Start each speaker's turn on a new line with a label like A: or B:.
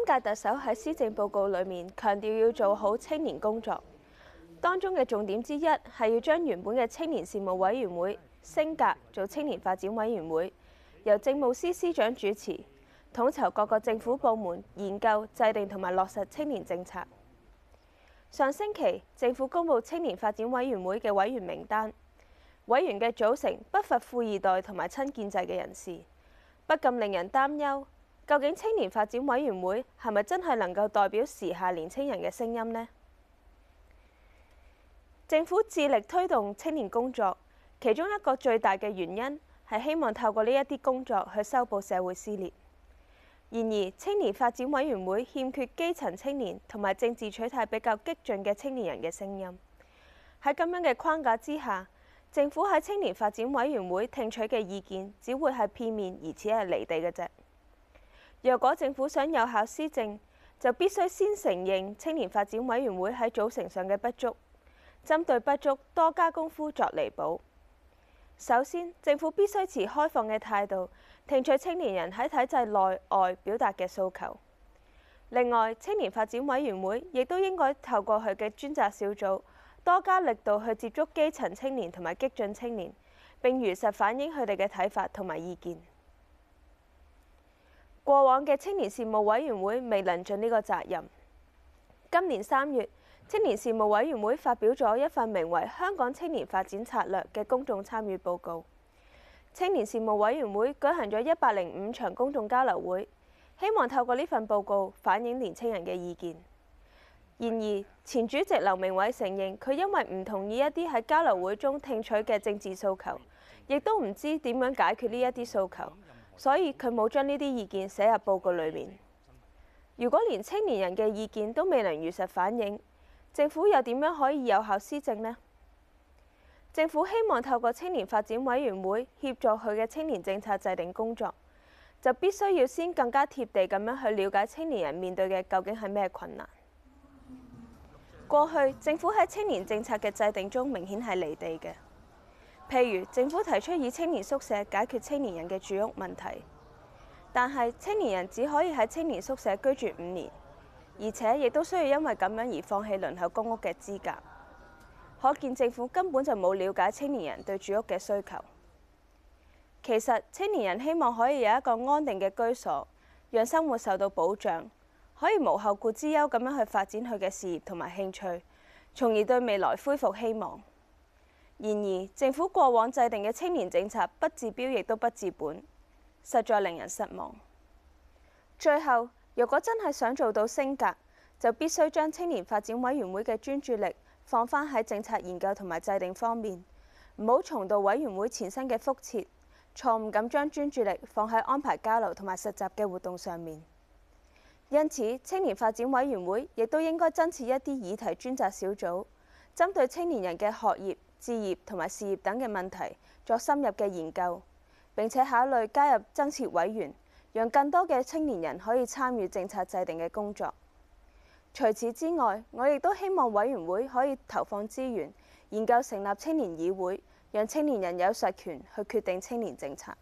A: 新一屆特首喺施政報告裏面強調要做好青年工作，當中嘅重點之一係要將原本嘅青年事務委員會升格做青年發展委員會，由政務司司長主持，統籌各個政府部門，研究、制定同埋落實青年政策。上星期，政府公佈青年發展委員會嘅委員名單，委員嘅組成不乏富二代同埋親建制嘅人士，不禁令人擔憂。究竟青年發展委員會係咪真係能夠代表時下年青人嘅聲音呢？政府致力推動青年工作，其中一個最大嘅原因係希望透過呢一啲工作去修補社會撕裂。然而，青年發展委員會欠缺基層青年同埋政治取態比較激進嘅青年人嘅聲音。喺咁樣嘅框架之下，政府喺青年發展委員會聽取嘅意見只會係片面，而且係離地嘅啫。若果政府想有效施政，就必須先承認青年發展委員會喺組成上嘅不足，針對不足多加功夫作彌補。首先，政府必須持開放嘅態度，聽取青年人喺體制內外表達嘅訴求。另外，青年發展委員會亦都應該透過佢嘅專責小組，多加力度去接觸基層青年同埋激進青年，並如實反映佢哋嘅睇法同埋意見。過往嘅青年事務委員會未能盡呢個責任。今年三月，青年事務委員會發表咗一份名為《香港青年發展策略》嘅公眾參與報告。青年事務委員會舉行咗一百零五場公眾交流會，希望透過呢份報告反映年青人嘅意見。然而，前主席劉鳴煒承認，佢因為唔同意一啲喺交流會中聽取嘅政治訴求，亦都唔知點樣解決呢一啲訴求。所以佢冇將呢啲意見寫入報告裏面。如果連青年人嘅意見都未能如實反映，政府又點樣可以有效施政呢？政府希望透過青年發展委員會協助佢嘅青年政策制定工作，就必須要先更加貼地咁樣去了解青年人面對嘅究竟係咩困難。過去政府喺青年政策嘅制定中明顯係離地嘅。譬如政府提出以青年宿舍解決青年人嘅住屋問題，但係青年人只可以喺青年宿舍居住五年，而且亦都需要因為咁樣而放棄輪候公屋嘅資格。可見政府根本就冇了解青年人對住屋嘅需求。其實青年人希望可以有一個安定嘅居所，讓生活受到保障，可以無後顧之憂咁樣去發展佢嘅事業同埋興趣，從而對未來恢復希望。然而，政府過往制定嘅青年政策不治標，亦都不治本，實在令人失望。最後，如果真係想做到升格，就必須將青年發展委員會嘅專注力放翻喺政策研究同埋制定方面，唔好重蹈委員會前身嘅覆轍，錯誤咁將專注力放喺安排交流同埋實習嘅活動上面。因此，青年發展委員會亦都應該增設一啲議題專責小組。針對青年人嘅學業、置業同埋事業等嘅問題作深入嘅研究，並且考慮加入增設委員，讓更多嘅青年人可以參與政策制定嘅工作。除此之外，我亦都希望委員會可以投放資源，研究成立青年議會，讓青年人有實權去決定青年政策。